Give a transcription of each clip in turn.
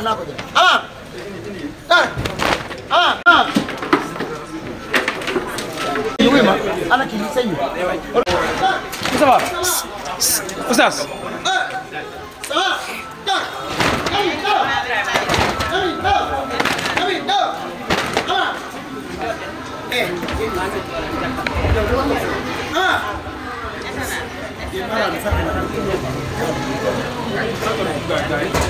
waaw naa ko jël ama ama ama wuy ma ana kii sëñ bi Moustapha Oustaz Thank you.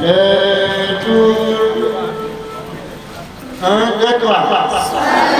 Yeah. déclare